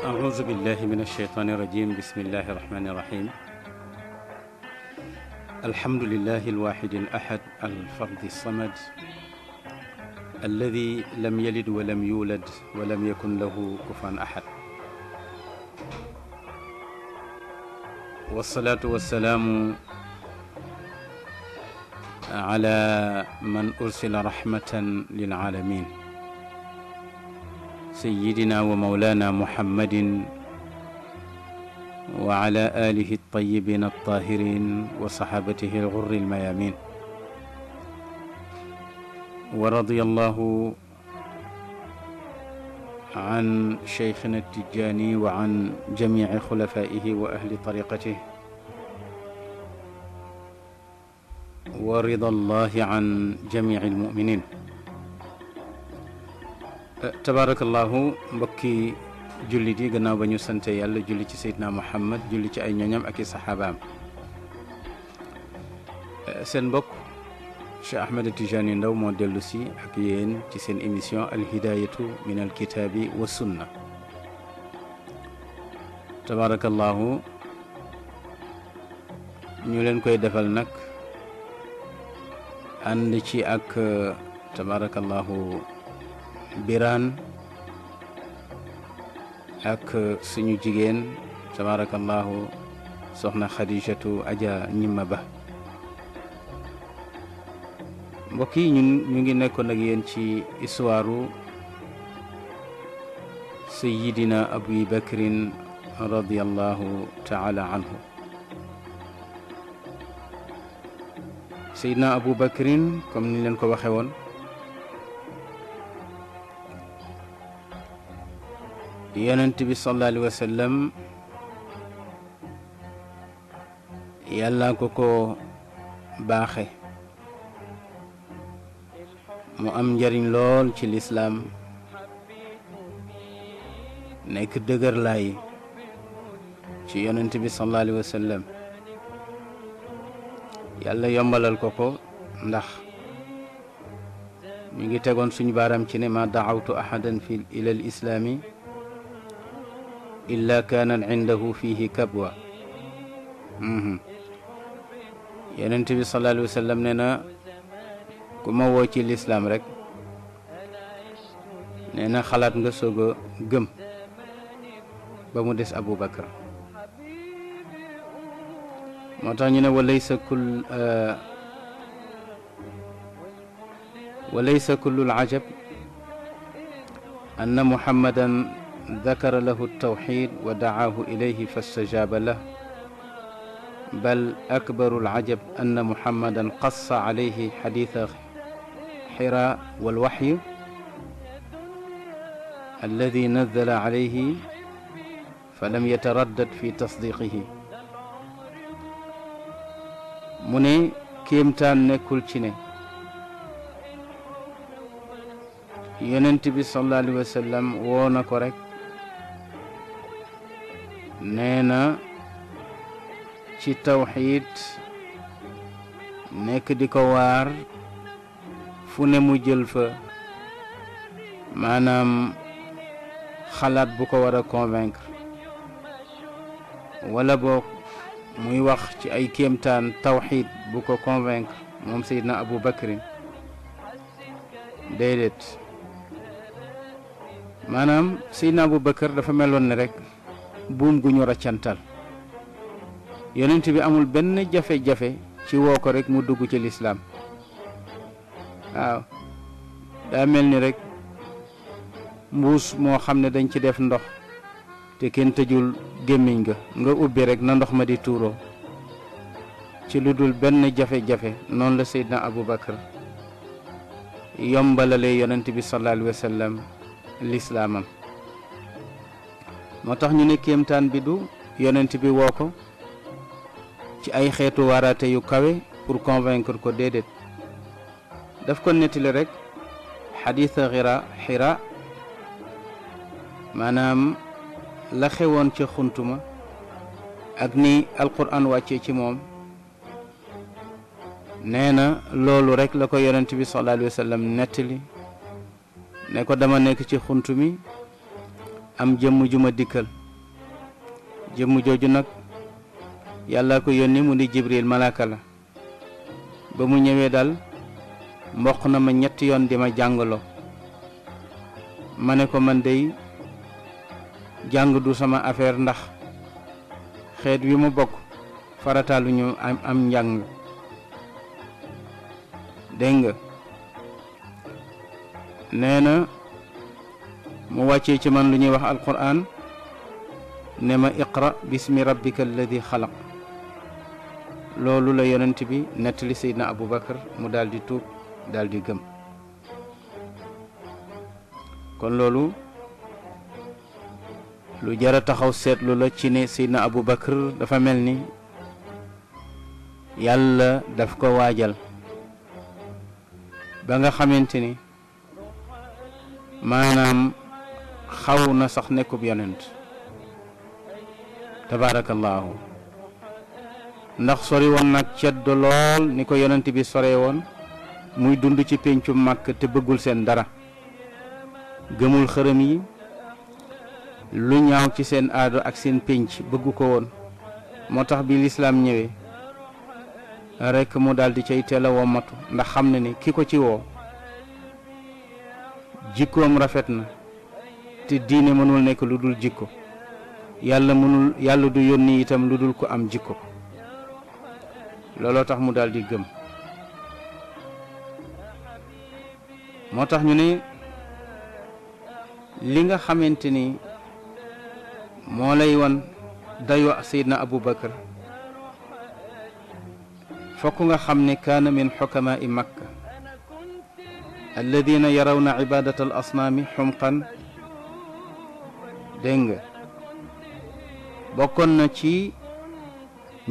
أعوذ بالله من الشيطان الرجيم بسم الله الرحمن الرحيم الحمد لله الواحد الأحد الفرد الصمد الذي لم يلد ولم يولد ولم يكن له كفوا أحد والصلاة والسلام على من أرسل رحمة للعالمين سيدنا ومولانا محمد وعلى آله الطيبين الطاهرين وصحابته الغر الميامين ورضي الله عن شيخنا التجاني وعن جميع خلفائه وأهل طريقته ورضا الله عن جميع المؤمنين tabaarakallaahu mbokki jullit yi gannaaw ba ñu sante yàlla julli ci seydina muhammad julli ci ay ñoñam ak i saxaabaam seen mbokk Cheikh Ahmed Tidiane Ndao moo dellu ak yéen ci seen émission alhidayatu min alkitaabi wa sunna tabaarakallaahu ñu leen koy defal nag ànd ci ak tabaarakallaahu biraan ak suñu jigéen tabarakallahu soxna xadijatu aja ñimma ba mbokk yi ñun ñu ngi nekkoon ak yéen ci histoire sayidina abi bakrin radiallahu taala anhu sayidina abu bakrin comme ni leen ko waxe woon يننتبي صلى الله عليه وسلم يلا كوكو باخي مو ام جارين لول تي الاسلام نيك دغر لاي تي يننتبي صلى الله عليه وسلم يلا يمبالال كوكو ندخ ميغي تيغون سوني بارام تي ما دعوت احدا في الى الاسلامي إلا كان عنده فيه كبوة يننتي صلى الله عليه وسلم لنا كما هو وجه الإسلام رك نينا خلات نغسوغ غم بمدس أبو بكر متعنينا وليس كل آه، وليس كل العجب أن محمدا ذكر له التوحيد ودعاه إليه فاستجاب له بل أكبر العجب أن محمدا قص عليه حديث حراء والوحي الذي نزل عليه فلم يتردد في تصديقه مني كيمتان نكولتيني nekkul صلى الله عليه وسلم sallallahu alayhi نينا شي توحيد نيك ديكو وار فوني مو جلفا مانام خلات بوكو ورا كونفينكر ولا بوك موي واخ شي اي كيمتان توحيد بوكو كونفينكر موم سيدنا ابو بكر ديدت مانام سيدنا ابو بكر دا فا ميلون ريك buum gu ñu raccantal yonent bi amul benn jafe-jafe ci woo ko rek mu dugg ci lislaam waaw daa mel ni rek mbuus moo xam ne dañ ci def ndox te kenn tëjul gémmiñ ga nga ubbi rek na ndox ma di tuuroo ci lu dul benn jafe-jafe noonu la Seydina Aboubacar yombalalee yonent bi sallallahu alayhi lislaamam moo tax ñu ne kéemtaan bi du yonent bi woo ko ci ay xeetu waaraate yu kawe pour convaincre ko déedéet daf ko nettali rek xadiisa xira xira maanaam la xewoon ca xuntuma ak ni alquran wàcce ci moom nee na loolu rek la ko yonent bi sallallahu alayhi nettali ne ko dama nekk ci xunt mi am jëmm ju ma dikkal jëmm jooju nag yàlla ko yónni mu di jibril malaaka la ba mu ñëwee daal mboq na ma ñetti yoon di ma jàngaloo ma ne ko man dey jàng du sama affaire ndax xeet wi mu bokk farataaluñu am am njàng dégg nga nee na mu wàccee ci man lu ñuy wax alquran ne ma iqra bismi rabbika alladi xalaq loolu la yonent bi nettali seydna abubakar mu daal di tuub daal di gëm kon loolu lu jara taxaw seetlu la ci ne seydna abubakar dafa mel ni yàlla daf ko waajal ba nga xamante ni maanaam xaw na sax ko yonent tabaarakallaahu ndax sori woon nag cedd lool ni ko yonent bi sore woon muy dund ci péncu màkk te bëggul seen dara gëmul xërëm yi lu ñaaw ci seen aado ak seen pénc bëggu ko woon moo tax bi lislaam ñëwee rekk mu daldi cay teel a ndax xam na ni ki ko ci woo jikkoom rafet na te diine mënul nekk lu dul jikko yàlla mënul yàlla du yónni itam lu dul ko am jikko looloo tax mu daal di gëm moo tax ñu ne li nga xamante ni moo lay wan dayo sayidna abubakar fokk nga xam ne kaana min xukamaai makka alladina yarawna cibaadata al dégg nga bokkoon na ci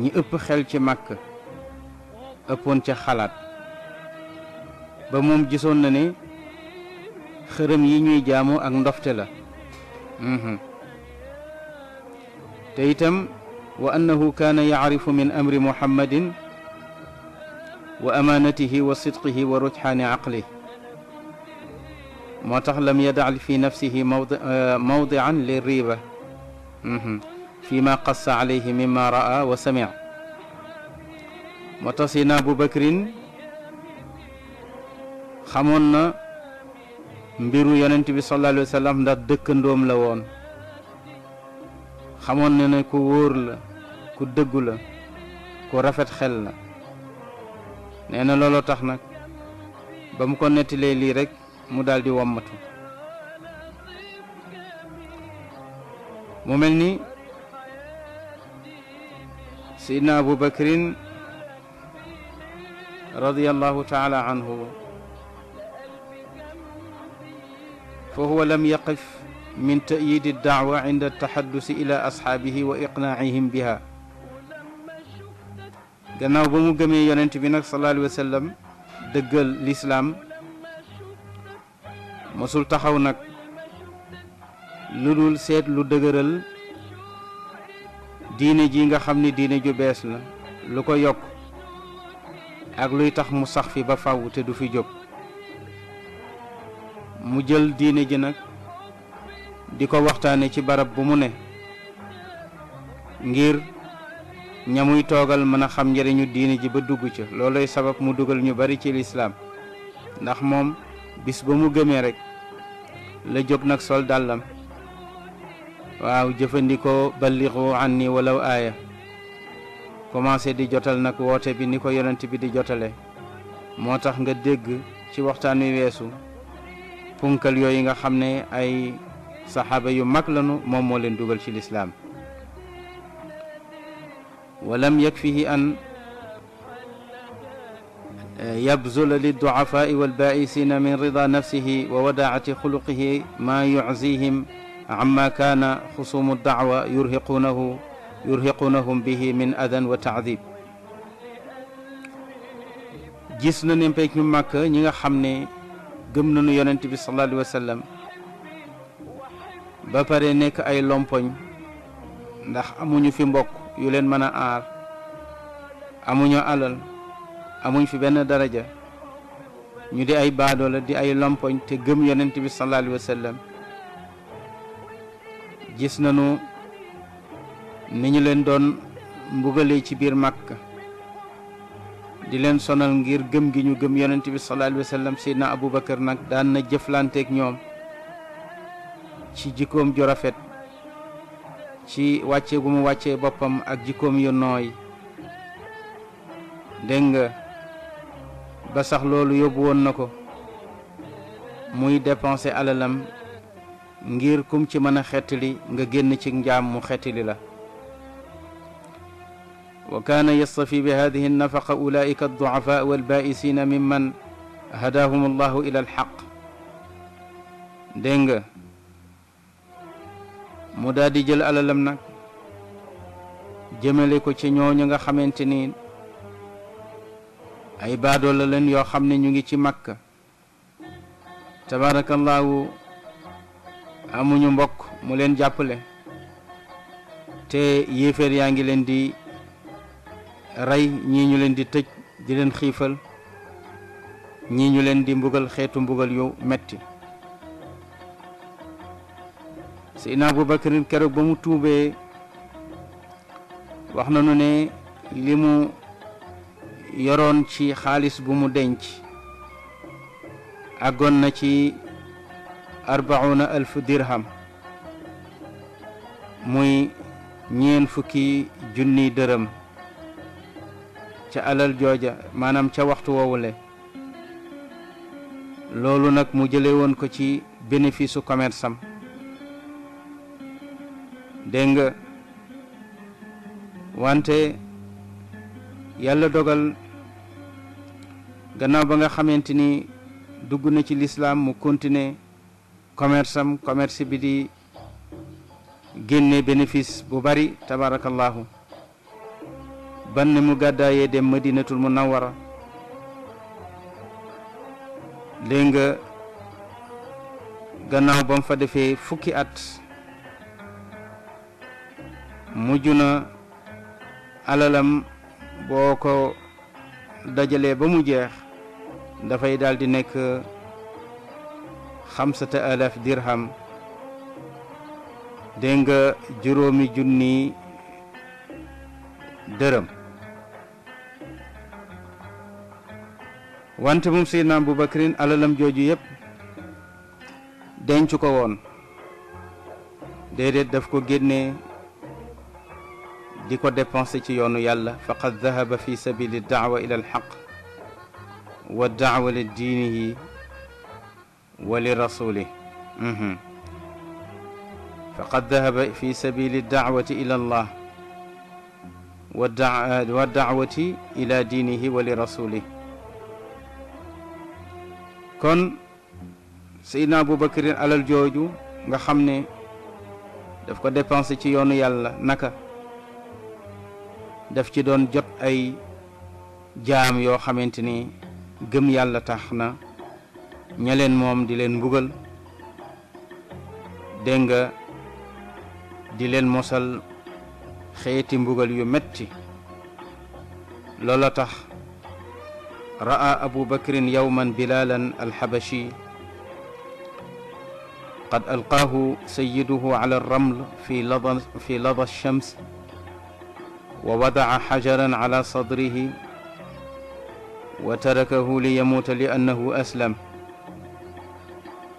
ñi ëpp xel ci màkk ëppoon ca xalaat ba moom gisoon na ne xërëm yi ñuy jaamu ak ndofte la te itam wa annahu kaana yacrifu min amri muhammadin wa amaanatihi wa sidqihi wa rujxaani aqlih moo tax lam yadaal fi nafsihi mawdi mawdian lirriba fi ma qassa alayhi mimma raa wa samia moo tax sina abu bakrin xamoon na mbiru yonent bi sallallahu alayhi wa sallam ndax dëkkandoom la woon xamoon na ne ku wóor la ku dëggu la ku rafet xel la nee na looloo tax nag ba mu ko nettilee lii rek mu daldi wamatu سيدنا أبو بكر رضي الله تعالى عنه فهو لم يقف من تأييد الدعوة عند التحدث إلى أصحابه وإقناعهم بها قلناه بمقامي يننتبه صلى الله عليه وسلم دقل الإسلام mosul taxaw nak lulul set lu dëgëral diine ji nga xamni diine ju bes la lu ko yok ak luy tax mu sax fi ba te du fi mu jël diine ji nak di waxtane ci barab bu mu ne ngir ñamuy togal mëna xam jëriñu diine ji ba dugg ci looloy sabab mu duggal ñu bari ci l'islam ndax mom bis ba mu gëmé rek la jóg nag sol dàllam waaw jëfandikoo ballixu anni walaw aaya commencé di jotal nag woote bi ni ko yonent bi di jotale moo tax nga dégg ci waxtaan wi weesu punkal yooyu nga xam ne ay saxaaba yu mag lanu moom moo leen dugal ci lislaam walam yakfihi an يبذل للضعفاء والبائسين من رضا نفسه ووداعة خلقه ما يعزيهم عما كان خصوم الدعوة يرهقونه يرهقونهم به من أذى وتعذيب جسنا نمبيك من مكة نيغا خمني قمنا نيونت صلى الله أي لومبون نخ في مبوك يولين منا آر أمو نيو amuñ fi benn daraja ñu di ay baadoola di ay lompoñ te gëm yonent bi sallallahu alayhi wa sallam gis nañu ni ñu leen doon mbugalee ci biir màkk di leen sonal ngir gëm gi ñu gëm yonent bi sallallahu alayhi wa sallam seydna aboubacar nag daan na jëflanteek ñoom ci jikkoom ju rafet ci wàcce gu mu wàccee boppam ak jikkoom yonnoo yi dégg nga ba sax loolu yóbbu woon na ko muy dépenser alalam ngir kum ci mën a xettali nga génn ci njaam mu xettali la wa kaana yastafi bi hadihi nafaqa ulaika adduafa walbaisina mimman hadaahum allahu ila alxaq dégg nga mu daal jël alalam nag jëmale ko ci ñooñu nga xamante ni ay baadoo yoo xam ne ñu ngi ci makka tabaarakallaahu amuñu mbokk mu leen jàppale te yéeféer yaa ngi leen di rey ñii ñu leen di tëj di leen xiifal ñii ñu leen di mbugal xeetu mbugal yu metti Seydina Abubakar keroog ba mu tuubee wax nañu ne li mu yoroon ci xaalis bu mu denc àggoon na ci arbauna alf dirham muy ñeen fukki junniy dërëm ca alal jooja maanaam ca waxtu woowule loolu nag mu jële woon ko ci bénéfice su commerce wante yàlla dogal gannaaw ba nga xamante ni dugg na ci lislaam mu continuer commerce am commerce bi di génne bénéfice bu bari tabarakallahu ban ne mu gàddaayee dem madinatul nawara léegi nga gannaaw ba mu fa defee fukki at mujj na alalam boo ko dajalee ba mu jeex dafay daal di nekk xamsata alaf dirham dégg nga juróomi junni dërëm wante moom seydna Abubakrin alalam jooju yépp denc ko woon déedéet daf ko génne di ko dépensé ci yoonu yàlla faqad dahaba fi sabili daawa ila alxaq wa daawa li diinihi wa li rasulih mhm. faqad dahaba fi sabili daawati ila allah wa daawati ila diinihi wa li rasulih kon seydna aboubacarin alal jooju nga xam ne daf ko dépensé ci yoonu yàlla naka daf ci doon jot ay jaam yoo xamante ni gëm yàlla tax na ña leen moom di leen mbugal dénga di leen mosal xeeti mbugal yu metti loola tax ra'a abu bakrin yawman bilalan alxabashi قد ألقاه سيده على الرمل في لظى, في لظى الشمس ووضع حجرا على صدره وتركه ليموت لأنه أسلم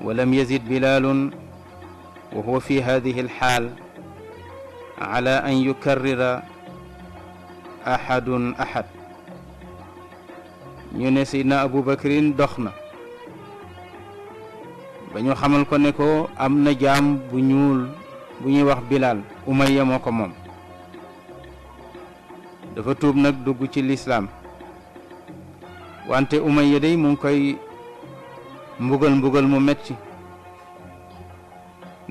ولم يزد بلال وهو في هذه الحال على أن يكرر أحد أحد ينسي أبو بكر دخنا بنيو خمل كونيكو أم نجام بنيول بنيو وخ بلال أمي يموكو موم دفتوب نك دوغو الإسلام wante Umayya day mu ngi koy mbugal mbugal mu metti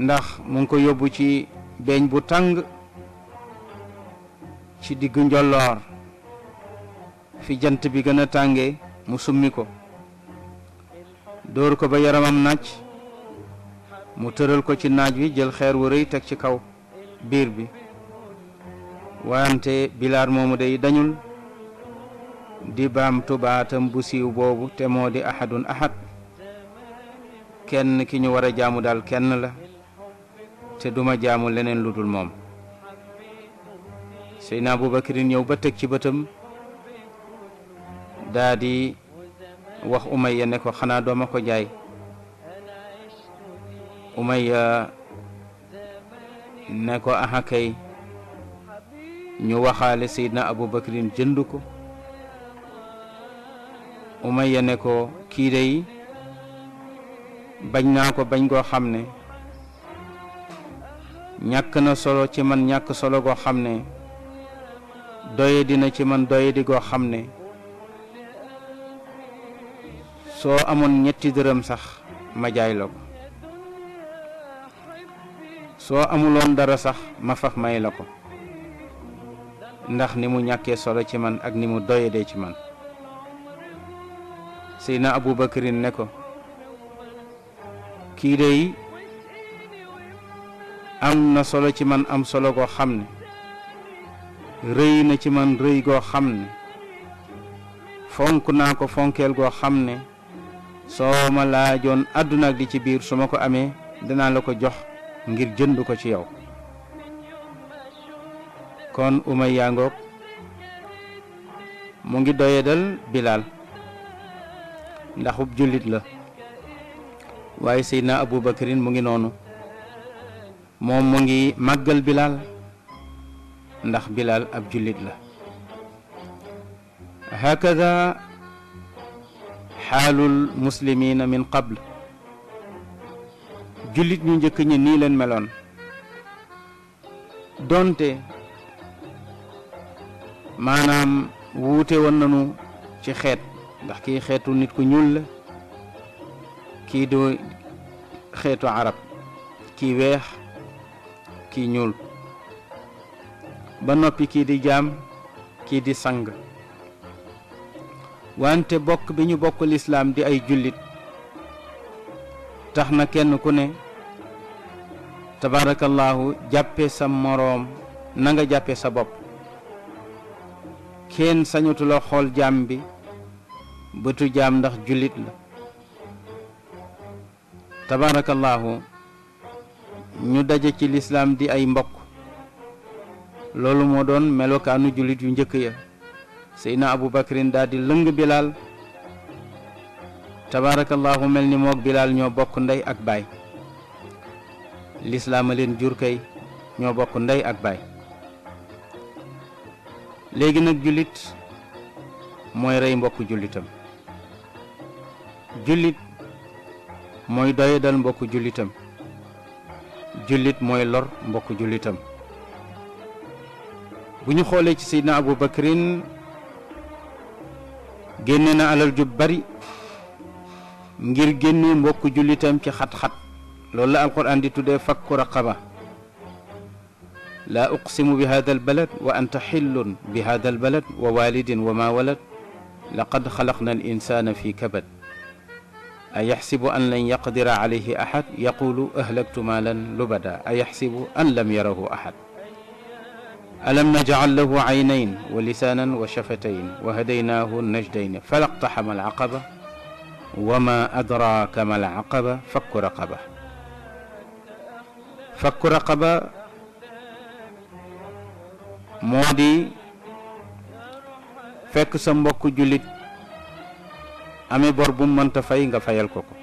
ndax mu ngi ko yóbbu ci beeñ bu tàng ci diggu njolloor fi jant bi gën a tàngee mu summi ko dóor ko ba yaramam naaj mu tëral ko ci naaj wi jël xeer wu rëy teg ci kaw biir bi wante bilaar moomu day dañul di baamtu baatam bu siiw boobu te moo di ahadun ahad kenn ki ñu war a jaamu daal kenn la te duma jaamu leneen lu dul moom Seydina Abubakarin ñëw ba teg ci bëtam daa di wax Umayya ne ko xanaa dooma ko jaay Umayya ne ko aha ñu waxaale Seydina Abubakarin jënd ko Umayya ne ko kii dey bañ naa ko bañ goo xam ne ñàkk na solo ci man ñàkk solo goo xam ne doye dina ci man doye di goo xam ne soo amoon ñetti dërëm sax ma jaay la ko soo amuloon dara sax ma fax may la ko ndax ni mu ñàkkee solo ci man ak ni mu doyedee ci man seydna abu bakarin ne ko kii dey am na solo ci man am solo goo xam ne rëy na ci man rëy goo xam ne fonk naa ko fonkeel goo xam ne soo ma laajoon àdduna ak li ci biir su ma ko amee danaa la ko jox ngir jënd ko ci yow kon umay yaa ngoog mu ngi doyadal bilaal ndaxub julit la waaye seydna abubakarin mo ngi nonu mom mo ngi magal bilal ndax bilal ab julit la hakada halul muslimin min qabl julit ñu njëkk ñi ni leen meloon donte manam wuté won nañu ci xeet ndax kii xeetu nit ku ñul la kii du xeetu arab kii weex kii ñul ba noppi kii di jaam kii di sang wante bok bi ñu bokk lislaam di ay jullit tax na kenn ku ne tabarakallahu jàppe sa moroom na nga jàppe sa bopp kenn sañutula xool bi bëtu jaam ndax jullit la tabaarakallaahu ñu daje ci lislaam di ay mbokk loolu moo doon melokaanu jullit yu njëkk ya Seydina Abu Bakrin daal di lëng Bilaal tabaarakallaahu mel ni moog Bilaal ñoo bokk ndey ak baay lislaama leen jur kay ñoo bokk ndey ak baay léegi nag jullit mooy rey mbokk jullitam jullit mooy doyadal mbokku jullitam jullit mooy lor mbokku jullitam bu ñu xoolee ci seydna abu bakrin génne na alal ju bari ngir génne mbokku jullitam ci xat-xat loolu la alquran di tuddee fakku raqaba laa uqsimu bi hada albalad wa anta xillun bi hada albalad wa walidin wa ma walad أيحسب أن لن يقدر عليه أحد يقول أهلكت مالا لبدا أيحسب أن لم يره أحد ألم نجعل له عينين ولسانا وشفتين وهديناه النجدين فلاقتحم العقبة وما أدراك ما العقبة فك رقبة فك رقبة مودي فك سمبوك جلد amee bor bu mu mënta fay nga fayal ko ko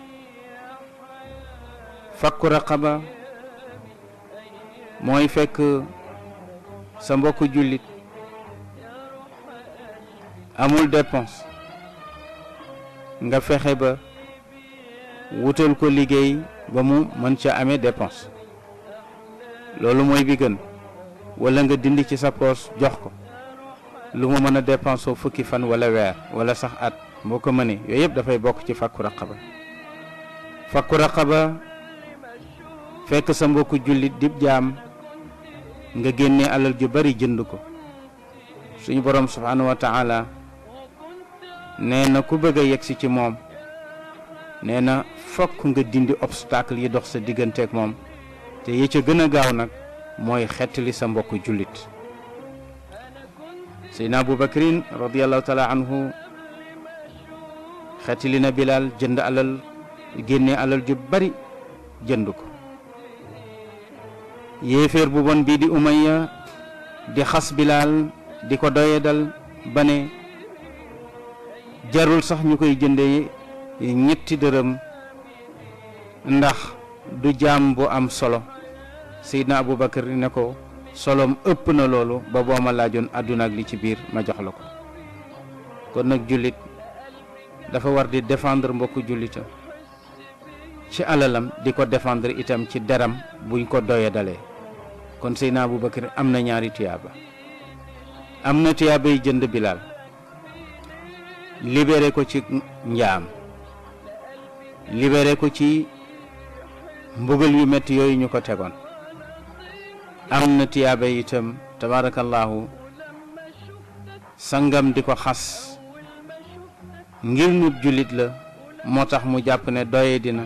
fakku raqaba mooy fekk sa mbokku jullit amul dépense nga fexe ba wutal ko liggéey ba mu mën ca amee dépense loolu mooy bi gën wala nga dindi ci sa poos jox ko lu mu mën a dépensé fukki fan wala weer wala sax at boo ko mënee yooyu yëpp dafay bokk ci fàkku raqaba fàkku raqaba fekk sa mbokku jullit di jaam nga génne alal ju bari jënd ko suñu borom subhaanahu wa taala nee na ku bëgg a yegsi ci moom nee na fokk nga dindi obstacle yi dox sa diggante ak moom te yi ca gën a gaaw nag mooy xettali sa mbokku jullit seydna abou bakrin radiallahu anhu xetili na bilaal jënd alal génne alal ju bari jënd ko yéeféer bu bon bii di umayya di xas bilaal di ko doyedal ba ne jarul sax ñu koy jënde ñetti dërëm ndax du jaam bu am solo Seydina Aboubacar ne ko solom ëpp na loolu ba boo laajoon àdduna ak li ci biir ma jox la ko kon nag jullit dafa war di défendre mbokku jullitam ci alalam di ko défendre itam ci deram buñ ko doye dalee kon Seydina Aboubacar am na ñaari tuyaaba am na tuyaabay jënd Bilaal libéré ko ci njaam libéré ko ci mbugal yu metti yooyu ñu ko tegoon am na tuyaaba itam tabaarakallaahu sangam di ko xas ngir nit jullit la moo tax mu jàpp ne doye dina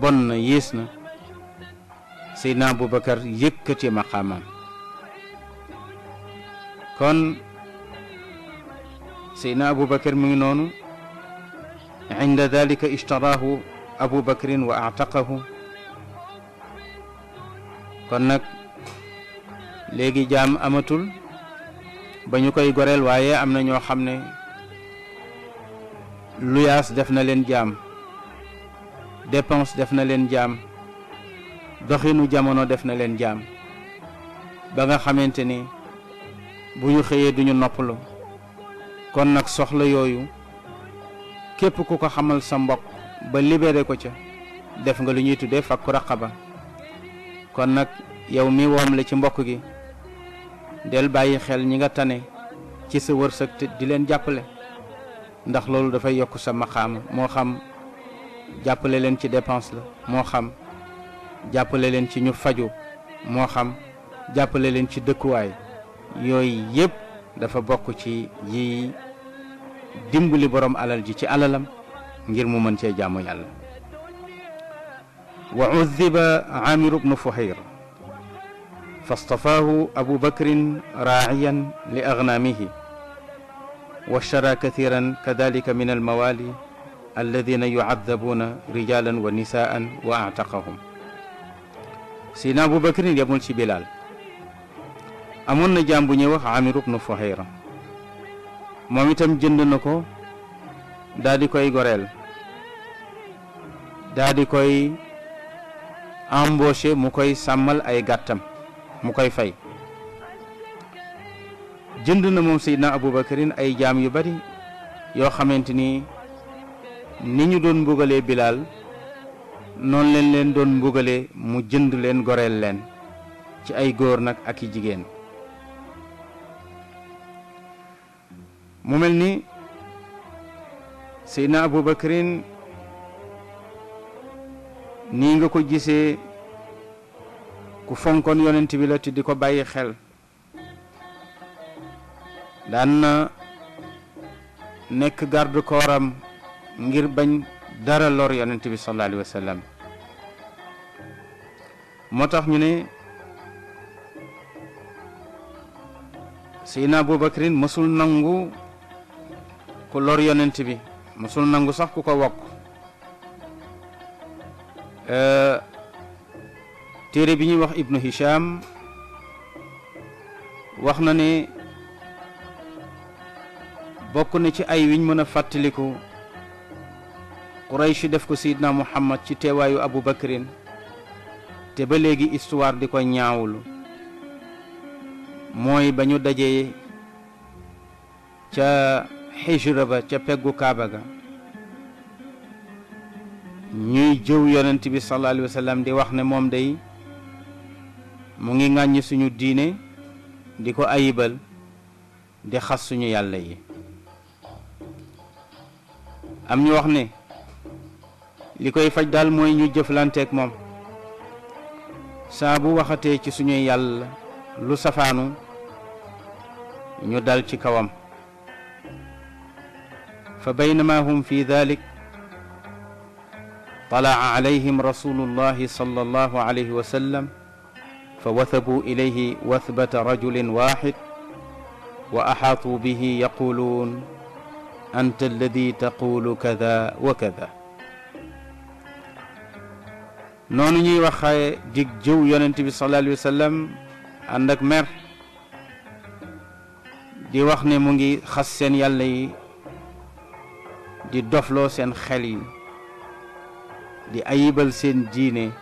bon na yées na Seydina Aboubacar yëkkati maqaamam kon Seydina Aboubacar mu ngi noonu inda dalika ishtaraahu Aboubacrin wa aataqahu kon nag léegi jaam amatul ba ñu koy goreel waaye am na ñoo xam ne luyas def na len jam dépense def na len jam doxinu jamono def na len jam ba nga xamanteni bu ñu xëyee duñu noppalu kon nak soxla yoyu képp ku ko xamal sa mbokk ba libéré ko ca def nga lu ñuy tuddee fakku raqaba kon nak yow mi wom la ci mbokk gi del bayi xel ñi nga tané ci sa di len jappalé ndax loolu dafay yokk sa maqaama moo xam jàppale leen ci dépense la moo xam jàppale leen ci ñu faju moo xam jàppale leen ci dëkkuwaay yooyu yépp dafa bokk ci yi dimbali borom alal ji ci alalam ngir mu mën cee jaamu yàlla wa uddiba amir bnu fuhayr فاصطفاه أبو بكر li لأغنامه واشترى كثيرا كذلك من الموالي الذين يعذبون رجالا ونساء وأعتقهم سيدنا أبو بكر يمول ci Bilaal amoon na jaam bu ñuy wax Amir ibn Fuhayra moom itam jënd na ko daal koy goreel daal koy embauché mu koy sàmmal ay gàttam mu koy fay jënd na moom Seydina Aboubacarin ay jaam yu bari yoo xamante ni ni ñu doon mbugalee Bilaal noonu leen leen doon mbugale mu jënd leen goreel leen ci ay góor nag ak i jigéen mu mel ni Seydina Aboubacarin nii nga ko gisee ku fonkoon yonent bi la te di ko bàyyi xel daan na nekk garde corps ngir bañ dara lor yonent bi sallallahu alayhi moo tax ñu ne Seydina Aboubacrin mësul nangu ku lor yonent bi mësul nangu sax ku ko wokk téere bi ñuy wax Ibnu Hisham wax na ne bokk na ci ay wiñ mën a fàttaliku Quraysh def ko Seydina Muhammad ci teewaayu Abu Bakrin te ba léegi histoire di ko ñaawlu mooy ba ñu dajee ca xijra ba ca peggu Kaaba ga ñuy jëw yonent bi sallallahu di wax ne moom day mu ngi ŋàññi suñu diine di ko ayibal di xas suñu yàlla yi am ñu wax ne li koy faj daal mooy ñu jëflanteeg moom saa bu waxatee ci suñuy yàlla lu safaanu ñu dal ci kawam fa baynama hum fi dalik طلع عليهم رسول الله صلى الله عليه وسلم فوثبوا إليه وثبة رجل واحد anta alladi taqulu kada wa kada noonu ñuy waxee dig jëw yonent bi sallallahu alayhi wa sallam ànd ak mer di wax ni mu ngi xas seen yàlla yi di dofloo seen xel yi di ayibal seen diine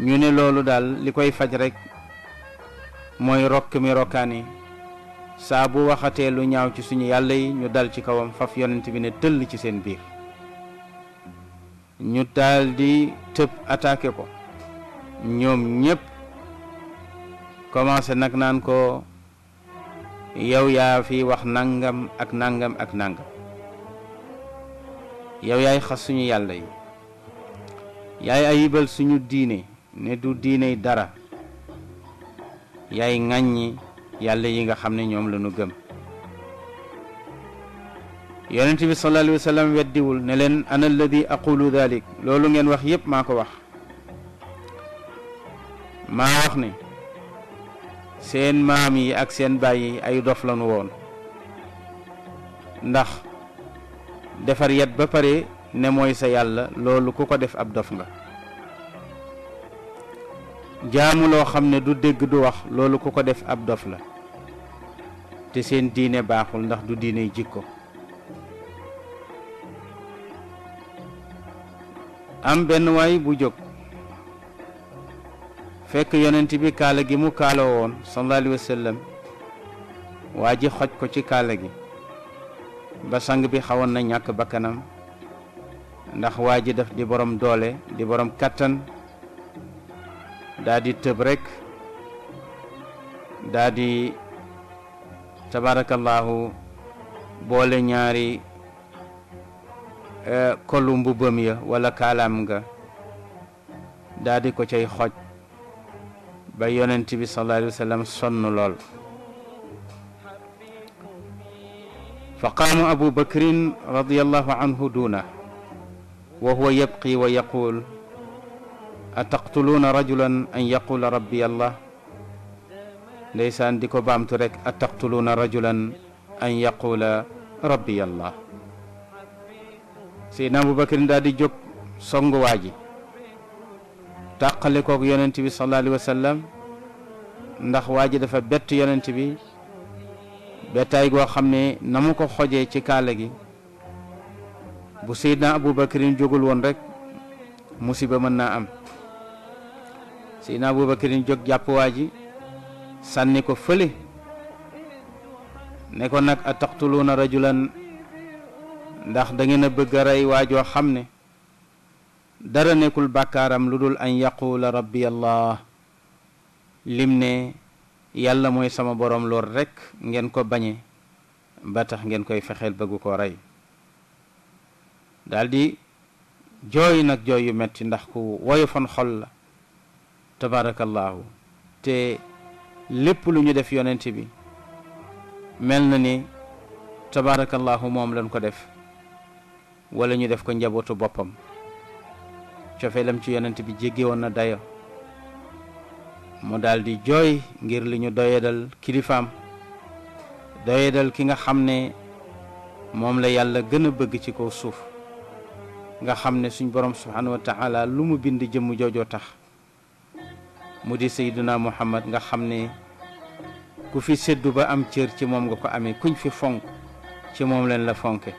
ñu ne loolu daal li koy faj rekk mooy rokk mi rokkaani saa bu waxatee lu ñaaw ci suñu yàlla yi ñu dal ci kawam faf yonent bi ne tëll ci seen biir ñu daldi tëb attaqué ko ñoom ñépp commencé nag naan ko yow yaa fi wax nangam ak nangam ak nangam yow yaay xas suñu yàlla yi yaay ayibal suñu diine ne du diiney dara yaay ŋàññi yàlla yi nga xam ne ñoom lanu gëm yonent bi sallallahu alayhi wa weddiwul ne leen ana alladi aqulu dalik loolu ngeen wax yépp maa ko wax maa wax ne seen maam yi ak seen bàyyi ay dof lañu woon ndax defar yet ba pare ne mooy sa yàlla loolu ku ko def ab dof nga jaamu loo xam ne du dégg du wax loolu ku ko def ab dof la te seen diine baaxul ndax du diine jikko am benn waay bu jóg fekk yonent bi kaala gi mu kaala woon sallallahu alayhi wa sallam waa ji xoj ko ci kaala gi ba sang bi xawoon na ñàkk bakkanam ndax waa ji def di borom doole di boroom kàttan daa di tëb rekk daa di تبارك الله بول نياري كولوم بوميا ولا كالامغا دادي كو تاي خوج با يونتي بي صلى الله عليه وسلم سن لول فقام ابو بكر رضي الله عنه دونه وهو يبقي ويقول اتقتلون رجلا ان يقول ربي الله ndeysaan di ko baamtu rek a taqtuluuna rajulan an yaquula rabbi allah seydna aboubacar daal di jóg song waa ji kook yonent bi sallallahu alayhi wa sallam ndax waa ji dafa bett yonent bi bettaay goo xam ne na mu ko xojee ci kaala gi bu seydna aboubacarin jógul woon rek musiba mën naa am seydna aboubacarin jóg jàpp waa sànni ko fële ne ko nag a taqtuluuna rajulan ndax dangeen ngeen a bëgg a rey waajoo xam ne dara nekkul bàkkaaram lu dul an yaquula rabbi lim ne yàlla mooy sama boroom lool rekk ngeen ko bañe ba tax ngeen koy fexeel bëggu ko rey daldi jooy nag jooy yu metti ndax ku woyofoon xol la tabaarakallaahu te lépp lu ñu def yonent bi mel na ni tabaarakallahu moom lañ ko def wala ñu def ko njabootu boppam cofeelam ci yonent bi jéggi na dayo mu daldi di jooy ngir li ñu doyadal kilifaam doyadal ki nga xam ne moom la yàlla gën a bëgg ci kow suuf nga xam ne suñ borom subhaanahu wa lu mu bind jëmm joojoo tax mudi sayyiduna muhammad nga xamne ku fi séddu ba am cër ci mom nga ko amé kuñ fi fonk ci mom len la fonke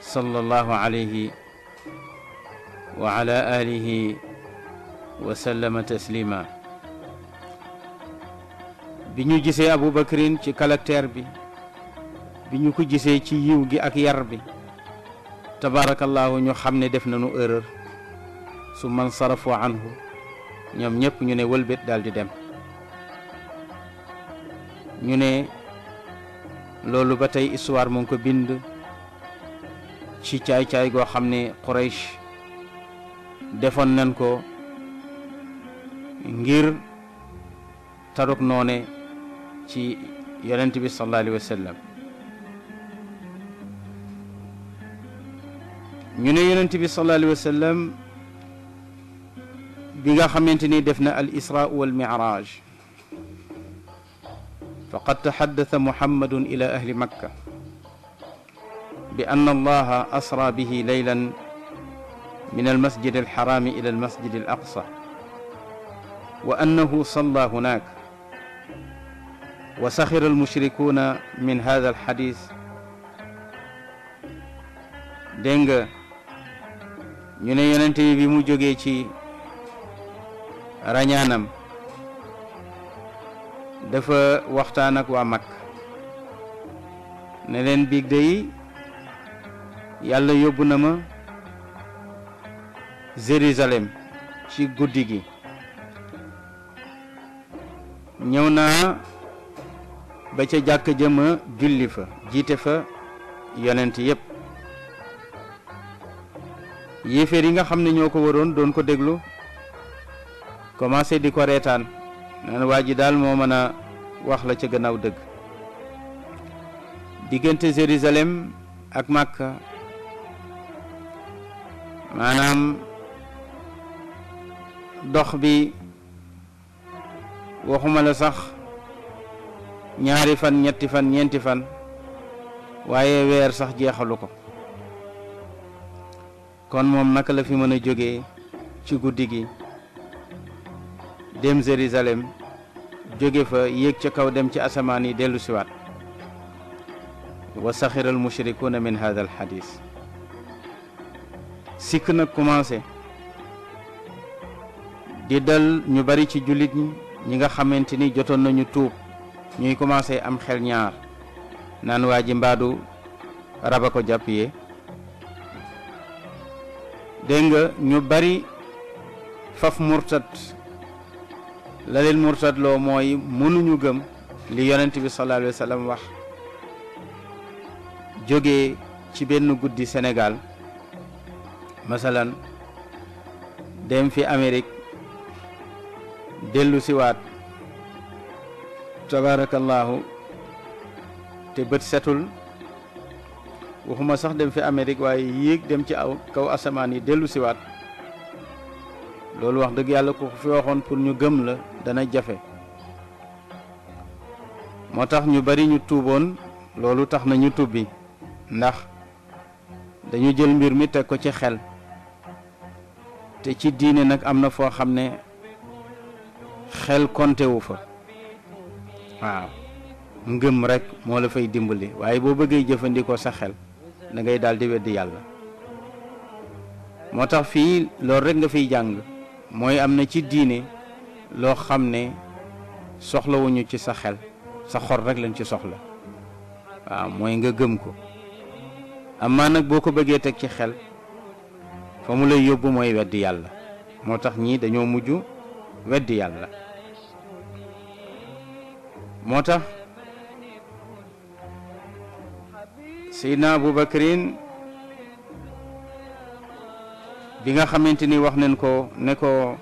sallallahu alayhi wa ala alihi wa sallama taslima biñu gisé gisee abubakrin ci caractère bi biñu ko gisé ci yiw gi ak yar bi tabarakallah ñu xamné def nañu erreur su man sarafu anhu ñoom ñëpp ñu ne wëlbét daal di dem ñu ne loolu ba tey histoire mu ko bind ci caay-caay goo xam ne Quraysh defoon nañ ko ngir taruk noone ci yonent bi sallallahu alayhi wa ñu ne yonent bi sallallahu alayhi wa بيغا خمنتني دفنا الإسراء والمعراج فقد تحدث محمد إلى أهل مكة بأن الله أسرى به ليلا من المسجد الحرام إلى المسجد الأقصى وأنه صلى هناك وسخر المشركون من هذا الحديث دينغ ينينتي بمجوغيتي rañaanam dafa waxtaan ak waa mag ne leen biig day yàlla yóbbu na ma Jérusalem ci guddi gi ñëw naa ba ca jàkk jëma julli fa jiite fa yonent yépp yéeféer yi nga xam ne ñoo ko waroon doon ko déglu commencé di ko reetaan naan waa ji daal moo mën a wax la ca gannaaw dëgg diggante Jérusalem ak Màkka maanaam dox bi waxuma la sax ñaari fan ñetti fan ñeenti fan waaye weer sax jeexalu ko kon moom naka la fi mën a jóge ci guddi gi dem Jérusalem jóge fa yéeg ca kaw dem ci asamaan yi dellusiwaat wa saxiral mushrikuuna na hada al xadis sikk nag commencé di dal ñu bari ci jullit ñi nga xamante ni jotoon nañu tuub ñuy commencé am xel ñaar naan waa ji mbaadu raba ko jàpp yee dégg nga ñu bari faf murtat la leen mooy mënuñu gëm li yonent bi sallallahu alayhi wa sallam wax jógee ci benn guddi Sénégal masalan dem fi amerig dellusiwaat siwaat tabaarakallaahu te bët setul waxuma sax dem fi amerig waaye yéeg dem ci aw kaw asamaan yi dellusiwaat siwaat loolu wax dëgg yàlla ko fi waxoon pour ñu gëm la dana jafe moo tax ñu bari ñu tuuboon loolu tax nañu ñu tubbi ndax dañu jël mbir mi teg ko ci xel te ci diine nag am na foo xam ne xel konte fa waaw ngëm rek moo la fay dimbali waaye boo bëggee jëfandikoo sa xel dangay ngay daal di weddi yàlla moo tax fii loolu rek nga fiy jàng mooy am na ci diine loo xam ne soxlawuñu ci sa xel sa xol rek lañ ci soxla waaw mooy nga gëm ko amaa nag boo ko bëggee teg ci xel fa mu lay yóbbu mooy wedd yàlla moo tax ñii dañoo mujj weddi yàlla moo tax Seydina Aboubacrin bi nga xamante ni wax nañ ko ne ko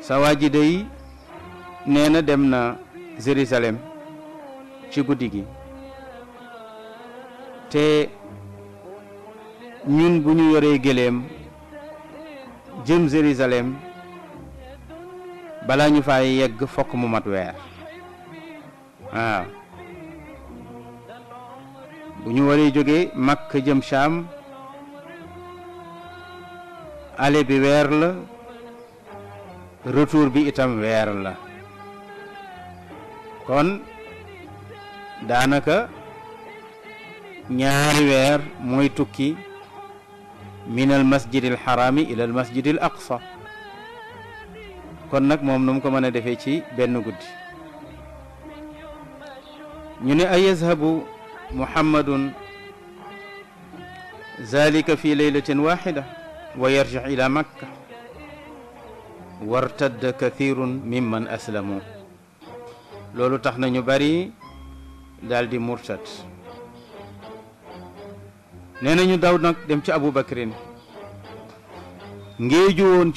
sa waa ji day nee na dem na Jérusalem ci guddi gi te ñun bu ñu yoree gëléem jëm Jérusalem bala ñu fay yegg fokk mu mat weer waaw bu ñu waree jógee Makka jëm Cham ale bi weer la retour bi itam weer la kon daanaka ñaari weer mooy tukki min al masjid al xaraami ila al masjid kon nag moom num ko mën a defee ci benn guddi ñu ne ay yazhabu muhammadun zalika fi laylatin waxida wa yarjic ila makka wartadda kathirun mimman aslamu loolu tax na ñu bari daal di murtad nee nañu daw nag dem ci abu bakrin ngéeju woon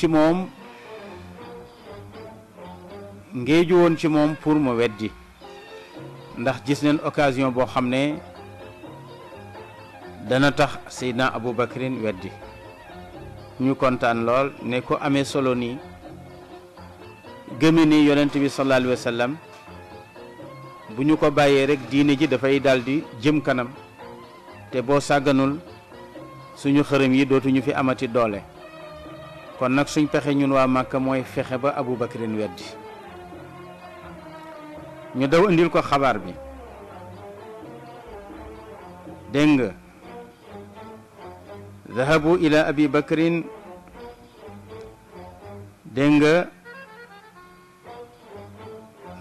ci moom pour mu weddi ndax gis neen occasion boo xam ne dana tax seydna abu bakrin weddi ñu kontaan lool ne ko amee solo nii gëmini yonent bi sallallahu alayhi wasallam buñu ko bayé rek diine ji da fay daldi jëm kanam te bo saganul suñu xërëm yi dootuñu fi amati doole kon nak suñu pexe ñun wa màkka moy fexe ba abu bakrin weddi ñu daw andil ko xabar bi deng ذهبوا إلى ila abi bakrin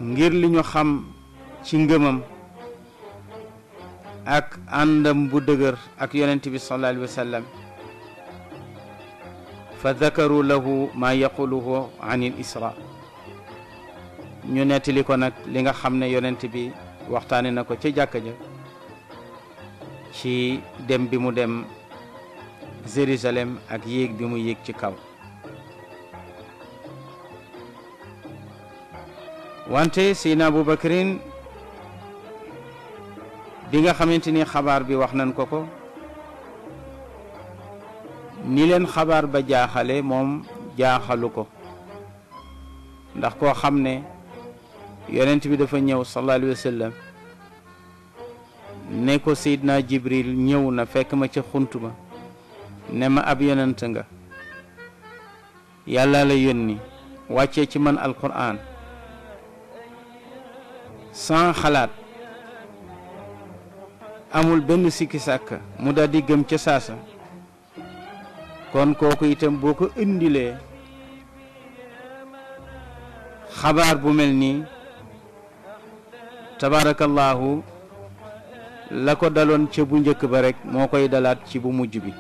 ngir li ñu xam ci ngëmam ak àndam bu dëgër ak yonent bi sallallahu alayhi wa sallam fa dakaru lahu ma yaquluhu an il isra ñu nettali ko nag li nga xam ne yonent bi waxtaane na ko ci jàkka ja ci dem bi mu dem Jérusalem ak yéeg bi mu yéeg ci kaw wante Seydina Aboubacrine bi nga xamante ni xabaar bi wax nañ ko ko ni leen xabaar ba jaaxale moom jaaxalu ko ndax koo xam ne yonent bi dafa ñëw sallallahu alayhi wa sallam ne ko Seydina Jibril ñëw na fekk ma ca xunt ma ne ma ab yonent nga yàlla la yónni wàcce ci mën man alquran sans xalaat amul benn sikki sàkk mu daldi gëm ca saasa kon kooku itam boo ko indilee xabaar bu mel nii tabaarakallaahu la ko daloon ca bu njëkk ba rekk moo koy dalaat ci bu mujj bi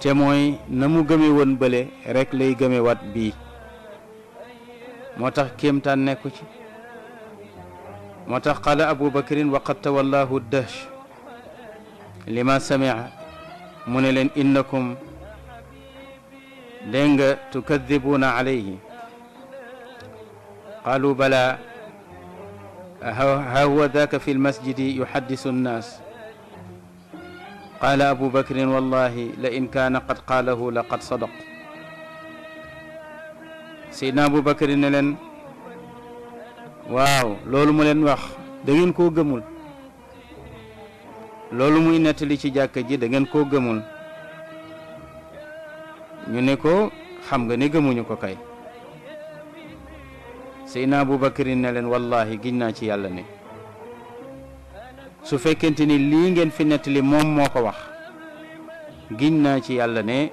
te mooy na mu gëme woon bële rekk lay gëme wat bii moo tax kéemtaan nekku ci متى قال أبو بكر وقد تولاه الدهش لما سمع من إنكم دنگ تكذبون عليه قالوا بلى ها هو ذاك في المسجد يحدث الناس قال أبو بكر والله لئن كان قد قاله لقد صدق سيدنا أبو بكر لن waaw loolu mu leen wax dangeen koo gëmul loolu muy nettali ci jàkka ji dangeen koo gëmul ñu ne ko xam nga ne gëmuñu ko kay Seydina Abubakarin na leen wallahi giñ naa ci yàlla ne su fekkente ni lii ngeen fi nettali moom moo ko wax giñ naa ci yàlla ne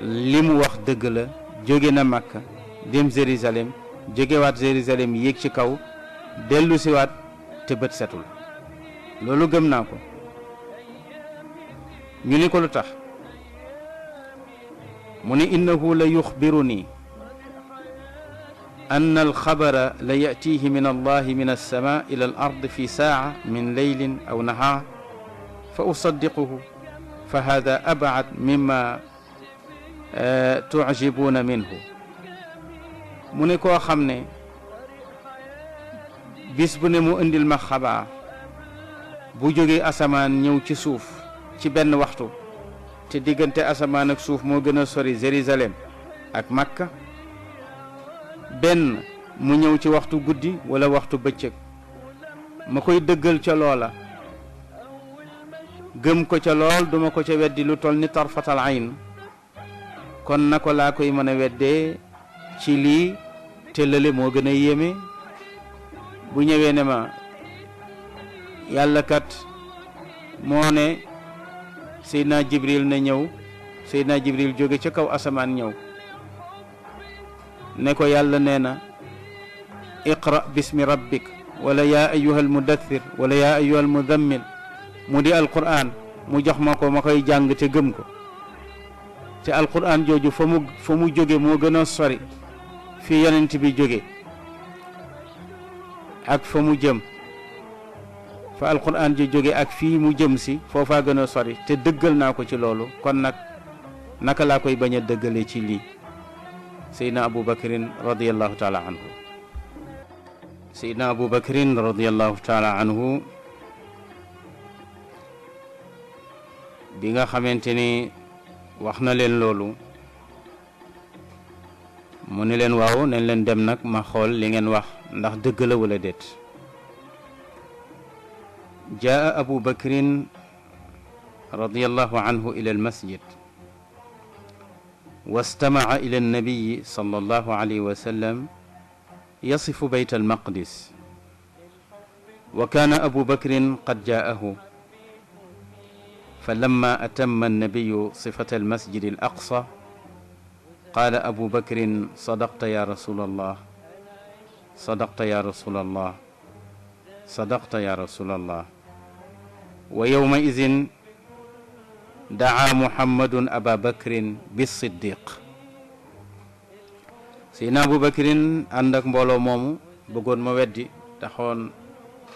li mu wax dëgg la jóge na Makka dem Jérusalem jege wat Jérusalem yek ci kaw delu ci wat te bët setul lolou gëm naa ko ñu ni ko lutax muni innahu la yukhbiruni أن الخبر لا يأتيه من الله من السماء إلى الأرض في ساعة من ليل أو نهار فأصدقه فهذا أبعد مما تعجبون منه mu ne koo xam ne bis bu ne mu indil ma xabaar bu jógee asamaan ñëw ci suuf ci benn waxtu te diggante asamaan ak suuf moo gën a sori Jérusalem ak makk benn mu ñëw ci waxtu guddi walla waxtu bëccëg ma koy dëggal ca loola gëm ko ca lool duma ko ca weddi lu toll ni tarfatal ayn kon na ko laa koy mën a weddee ci lii te moo gën a yéeme bu ñëwee ne ma yàlla kat moo ne Seydina Jibril na ñëw Seydina Jibril jóge ca kaw asamaan ñëw ne ko yàlla nee na iqra bismi rabbik wala yaa ayyuhal mudaththir wala yaa ayyuhal muzammil mu di alquran mu jox ma ko ma koy jàng te gëm ko te alquran jooju fa mu fa mu jóge moo gën a sori fi yonent bi jóge ak fa mu jëm fa alquran ji jóge ak fii mu jëm si foofaa gën a sori te dëggal naa ko ci loolu kon nag naka laa koy bañ a dëggale ci lii seydna abu bakrin radiallahu taala anhu seydna abu bakrin radiallahu taala anhu bi nga xamante ni wax na leen loolu mu ni leen waaw nañ leen dem nag ma xool li ngeen wax ndax dëgg la wala déet jaa abu bakrin radiallahu anhu ila almasjid واستمع إلى النبي صلى الله عليه وسلم يصف بيت المقدس وكان أبو بكر قد جاءه فلما أتم النبي صفة المسجد الأقصى قال ابو بكر صدقت يا رسول الله صدقت يا رسول الله صدقت يا رسول الله ويومئذ دعا محمد ابا بكر بالصديق سيدنا ابو بكر عندك مبولو مومو bëggoon مودي weddi taxoon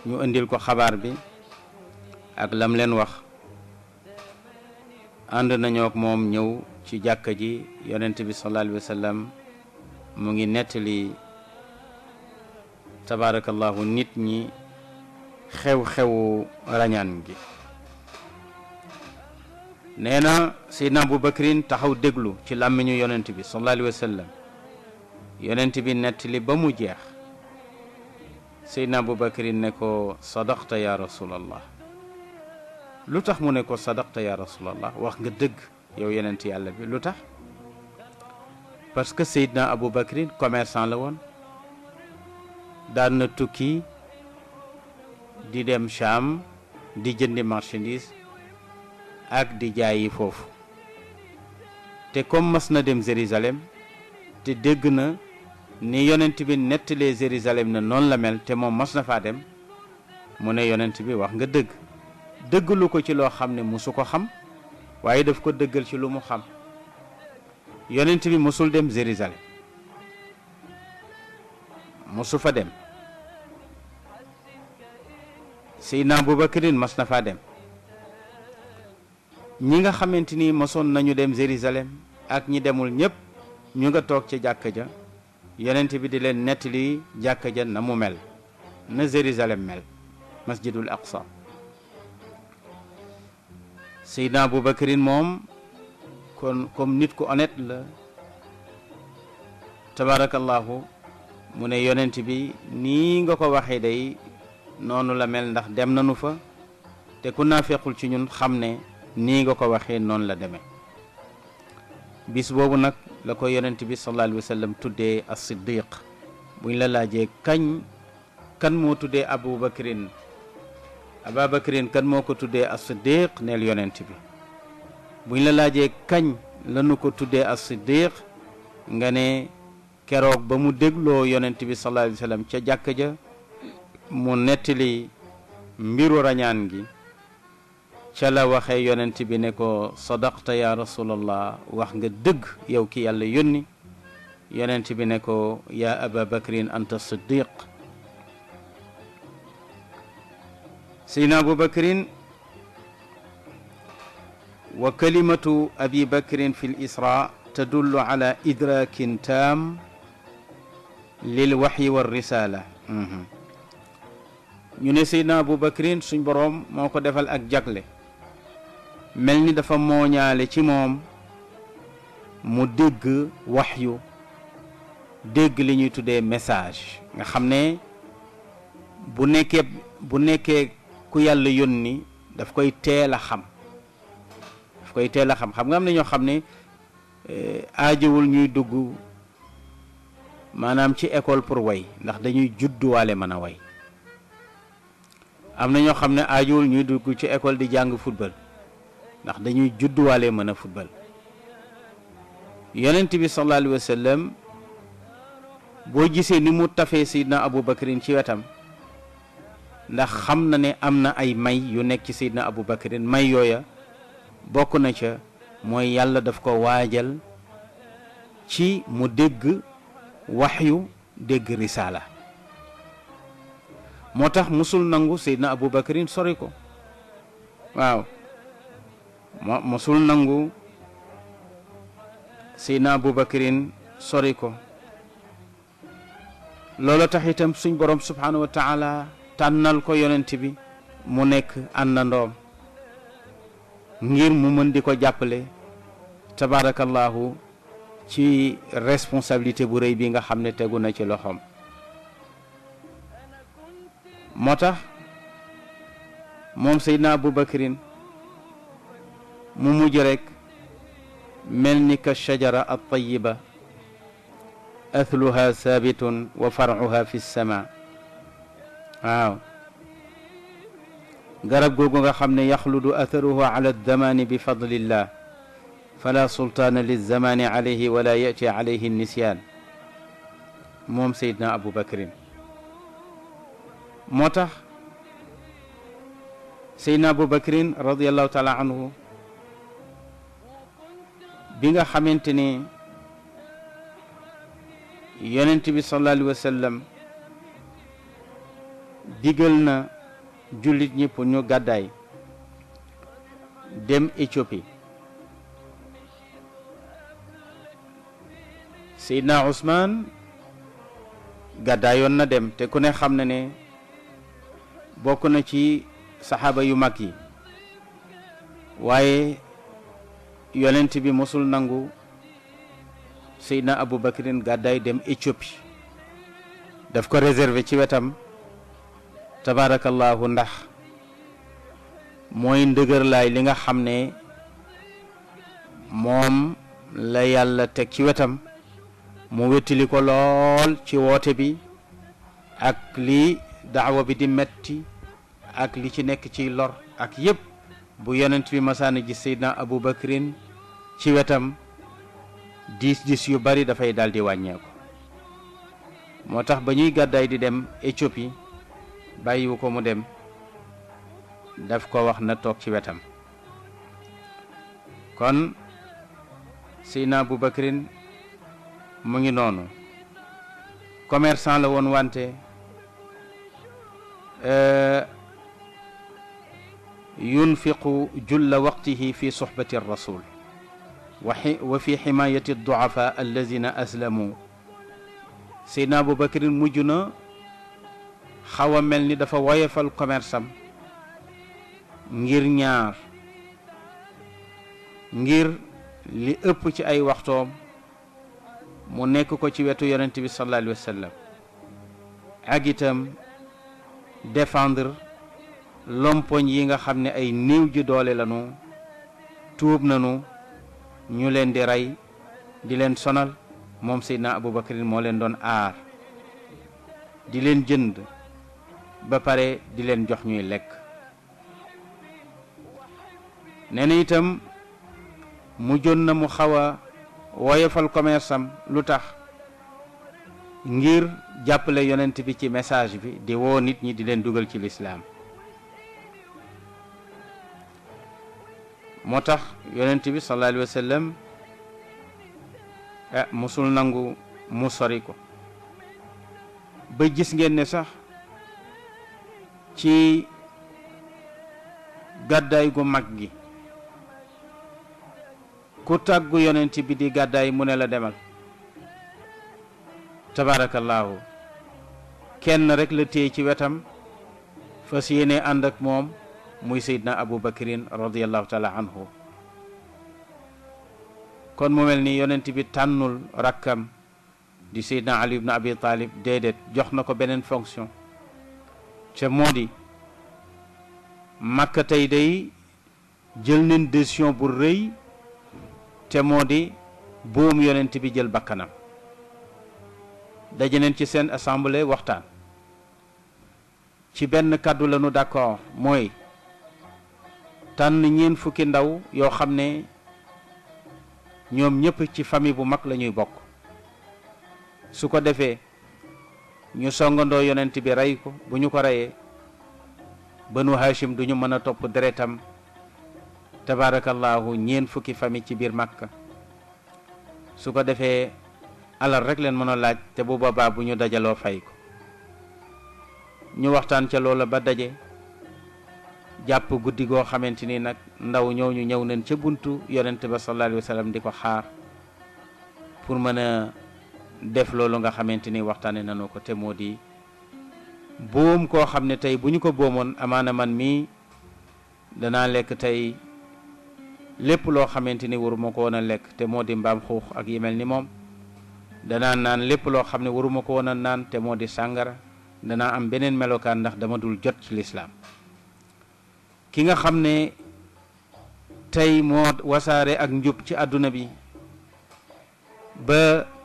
ñu indil ko xabaar bi ak lam leen wax ànd nañoo ak ñëw ci jàkka ji yonent bi sallallahu alayhi wa sallam mu ngi nettali tabaarakallahu nit ñi xew-xewu rañaan gi nee na seydna abu bakrin taxaw déglu ci làmmiñu yonent bi sallallahu alayhi wa yonent bi nettali ba mu jeex seydna abu bakrin ne ko sadaqta ya rasulallah lu tax mu ne ko sadaqta ya rasulallah wax nga dëgg parce que dans Abu Bakrin commerçant la woon daan na tukki di dem Cham di marchandise ak di jaayi foofu te comme mas na dem Jérusalem te ni yonent bi nettalee Jérusalem na noonu la mel te dem yonent bi wax nga ko ci musu ko waye daf ko deugal ci lu mu xam yonent bi musul dem Jérusalem mosu fa dem sayna Abubakarin mas na faa dem ñi nga xamanteni ni mosoon nañu dem Jérusalem ak ñi demul ñep ñu nga tok ci jàkka ja yonent bi di len netti li jàkka ja na mu mel na Jérusalem mel masjidul aqsa Seydina Aboubacrin moom kon comme nit ku honnête la tabaarakallaahu mu ne yonent bi nii nga ko waxee day noonu la mel ndax dem nanu fa te ku naafequl ci ñun xam ne nii nga ko waxee noonu la deme bis boobu nag la ko yonent bi sallallahu alayhi wa sallam tuddee as-siddiq la laajee kañ kan moo tuddee Aboubacrin ababakarin kan moo ko tuddee as-siddiq neel yonent bi bu la laajee kañ lanu ko tuddee as nga ne keroog ba mu dégloo yonent bi sallallahu ca jàkk ja mu nettali mbiru rañaan gi ca la waxee yonent bi ne ko sadaqta ya rasulallah wax nga dëgg yow ki yàlla yónni yonent bi ne ko yaa aba anta siddiq سيدنا أبو بكر وكلمة أبي بكر في الإسراء تدل على إدراك تام للوحي والرسالة ñu ne Seydina Abu Bakrin suñ boroom moo ko defal ak jagle mel ni dafa mooñaale ci moom mu dégg wax yu dégg li ñuy tuddee message nga xam ne bu nekkee bu nekkee ku yàlla yónni daf koy teel a xam daf koy teel a xam xam nga am na ñoo xam ne eh, aajowul ñuy dugg maanaam ci école pour way ndax dañuy judduwaale mën a way am na ñoo xam ne aajowul ñuy dugg ci école di jàng football ndax dañuy judduwaale mën a football yonent bi sallallahu alayhi wa boo gisee ni mu tafee sidna Abu Bakrin ci wetam ndax xam na ne am na ay may yu nekk ci Seydina Abu Bakrin may yooya bokk na ca mooy yàlla daf ko waajal ci mu dégg waxyu dégg risaala moo tax musul nangu Seydina Abu Bakrin sori ko waaw mo nangu Seydina Abu sori ko tax itam suñ borom subhanahu wa tànnal ko yonent bi mu nekk àndandoom ngir mu mën di ko jàppale tabaarakallaahu ci responsabilité bu réy bi nga xam ne tegu na ci loxoom moo tax moom Seydina bakrin mu mujj rekk mel ni ko shajara at tayiba athluha saabitun wa farcuha fi sama waaw garab googu nga xam ne yaxludu atharuhu ala aldamaani bi fadlillah fala sultaana lilzamaani alayhi wala yati alayhi nisyan moom seydna abou bakrin moo tax seydna abou bakrin radiallahu taala anhu bi nga xamante ne yonent bi sallallahu alayhi wa sallam digal na jullit ñi pour ñu gàddaay dem Éthiopie Seydina Ousmane gàddaayoon na dem te ku ne xam na ne bokk na ci saxaaba yu mag yi waaye yonent bi mosul nangu Seydina Abou Bakrin gàddaay dem Éthiopie daf ko réservé ci wetam tabaarakallaahu ndax mooy ndëgërlaay li nga xam ne moom la yàlla teg ci wetam mu wettili ko lool ci woote bi ak li daawa bi di metti ak li ci nekk ci lor ak yépp bu yonent bi masaana gis seydna abu bakrin ci wetam diis diis yu bari dafay daldi wàññeeku moo tax ba ñuy gàddaay di dem Éthiopie bàyyiwu ko mu dem daf ko wax na toog ci wetam kon Seydina Aboubacrin mu ngi noonu commerçant la woon wante ينفق جل وقته في صحبة الرسول وفي حماية الضعفاء الذين أسلموا سيدنا أبو بكر مجنى xaw a mel ni dafa woyefal commerce am ngir ñaar ngir li ëpp ci ay waxtoom mu nekk ko ci wetu yonent bi sallallahu alayhi wa ak itam défendre lompoñ yi nga xam ne ay niiw ji doole lañu tuub nañu ñu leen di rey di leen sonal moom Seydina Abubakar moo leen doon aar di leen jënd ba pare di leen jox ñuy lekk nee na itam mujjoon na mu xaw a woyofal commerce lu tax ngir jàppale yonent bi ci message bi di woo nit ñi di leen dugal ci lislaam moo tax yonent bi sallallahu alayhi wa eh, nangu mu sori ko ba gis ngeen sax ci gàddaay gu mag gi ku tàggu yonent bi di gàddaay mu ne la demal tabaarakallaahu kenn rekk la téye ci wetam fas yéene ànd ak moom muy seydna abu bakrin radiallahu taala anhu kon mu mel ni yonent bi tànnul rakkam di seydna ali ibnu abi taalib déedéet jox na ko beneen fonction ca moo di màkka tey day jël nañ décision bu rëy te moo di boom yonent bi jël bakkanam daje nañ ci seen assemblée waxtaan ci benn kàddu lanu ñu d'accord mooy tànn ñeen fukki ndaw yoo xam ne ñoom ñëpp ci famille bu mag la ñuy bokk su ko defee ñu songandoo yonent bi rey ko bu ñu ko reyee banu hashim duñu mën a topp deretam tabaarakallaahu ñeen fukki famille ci biir màkka su ko defee alal rek leen mën a laaj te bu boobaa bu ñu dajaloo fay ko ñu waxtaan ca loola ba daje jàpp guddi goo xamante ni nag ndaw ñëw ñu ñëw nañ ca buntu yonent ba sallallahu alayhi wa di ko xaar pour mën def loolu nga xamante ni waxtaane nañu ko te moo di boom koo xam ne tey bu ñu ko boomoon amaana man mii danaa lekk tey lépp loo xamante ni waruma ko woon a lekk te moo di mbaam xuux ak yi mel ni moom dana naan lépp loo xam ne waruma ko woon a naan te moo di sàngara danaa am beneen melokaan ndax dama dul jot ci lislaam ki nga xam ne tey moo wasaare ak njub ci àdduna bi ba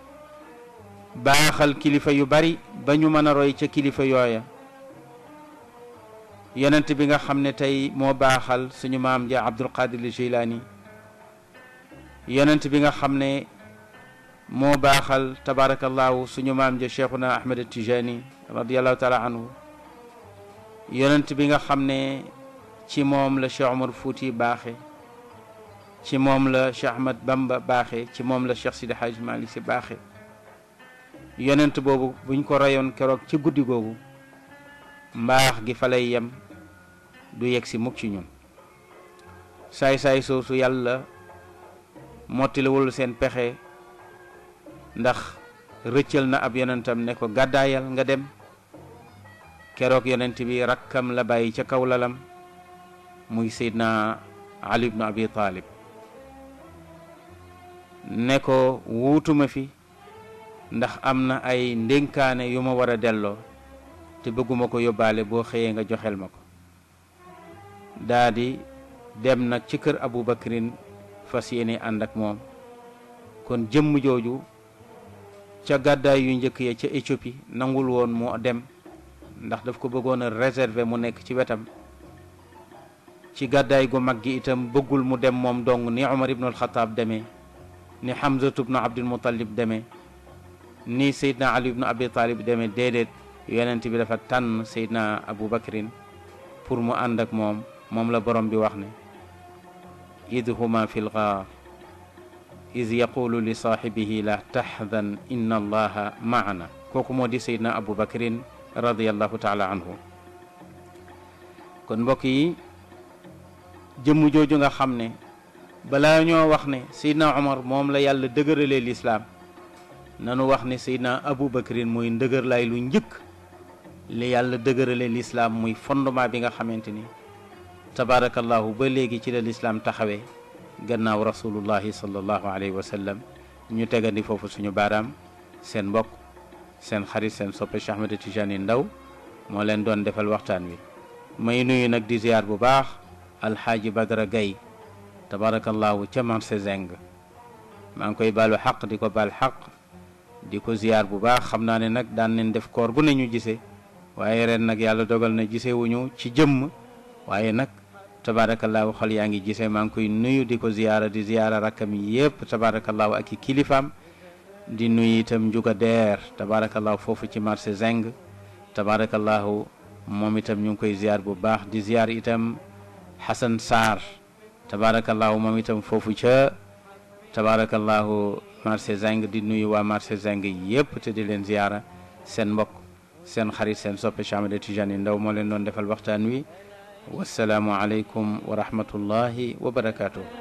baaxal kilifa yu bari ba ñu mën a roy ca kilifa yooya yonent bi nga xam ne tey moo baaxal suñu maam ja Abdul Qadir Jilani yonent bi nga xam ne moo baaxal tabaarakallaahu suñu maam ja Cheikhuna Ahmed Tijani radiallahu taala anhu yonent bi nga xam ne ci moom la Cheikh Omar Fouti baaxe ci moom la Cheikh Ahmad Bamba baaxe ci moom la Cheikh Sidi Hadj Malick Si baaxe yonent boobu buñ ko royoon keroog ci guddi googu mbaax gi falay yem du yeg si mukk ci ñun saay saay soosu yàlla mottiliwul seen pexe ndax rëccal na ab yonentam ne ko gàddaayal nga dem keroog yonent bi rakkam la bàyyi ca kaw lalam muy sayidna ali bnu abi talib ne ko wuutuma fi ndax am na ay ndénkaane yu ma war a delloo te bëgguma ko yóbbaale boo xëyee nga joxel ma ko daa di dem nag ci kër abubakarin fas yéene ànd ak moom kon jëmm jooju ca gàddaay yu njëkk ya ca éthiopie nangul woon moo dem ndax daf ko bëggoon a réserver mu nekk ci wetam ci gàddaay gu mag gi itam bëggul mu dem moom dong ni omar ibnul xataab demee ni xamsatu bnu abdul mutalib demee ni sayyidina Ali ibn Abi Talib demé déedéet yonent bi dafa tan sayyidina abou Aboubacrin pour mu ànd ak mom mom la borom bi wax ne idhuma fil fi iz yaqulu li sahibihi la tahzan inna allaha maana koku modi sayyidina abou Aboubacrin radiyallahu taala anhu kon mbok yi jëm jooju nga xamne bala ñoo wax ne sayyidina Omar mom la yàlla dëgëralee l'islam nanu wax ne seydna aboubacrin moy ndëgër lay lu njëkk li yàlla dëgërale l'islam moy fondement bi nga xamanteni tabarakallah ba legi ci l'islam taxawé gannaaw rasulullah sallallahu alayhi wasallam ñu tegandi fofu suñu baram sen mbokk sen xarit sen soppe Cheikh Ahmed tijani ndaw mo leen doon defal waxtaan wi may nuyu nak di ziar bu baax al badra gay tabarakallah ci man se Zeng mang koy balu haq diko bal haq di ko ziyaar bu baax xam naa ne nag daan nañ def koor gu ne ñu gisee waaye ren nag yàlla dogal na gisee wuñu ci jëmm waaye nag tabaarakallaahu xol yaa ngi gisee maa ngi koy nuyu di ko ziyaara di ziyaara rakkam yépp tabaarakallaahu ak i kilifaam di nuyu itam njuga deer tabaarakallaahu foofu ci marché zeng tabaarakallaahu moom itam ñu ngi koy ziyaar bu baax di ziyaar itam Xasan Saar tabaarakallaahu moom itam foofu ca tabaarakallaahu marché Zinc di nuyu waa marché Zinc yëpp te di leen ziyaara seen mbokk seen xarit seen soppe Cheikh Ahmed Tidiane Ndao moo leen doon defal waxtaan wi wasalaamualeykum wa rahmatullahi wa barakaatu.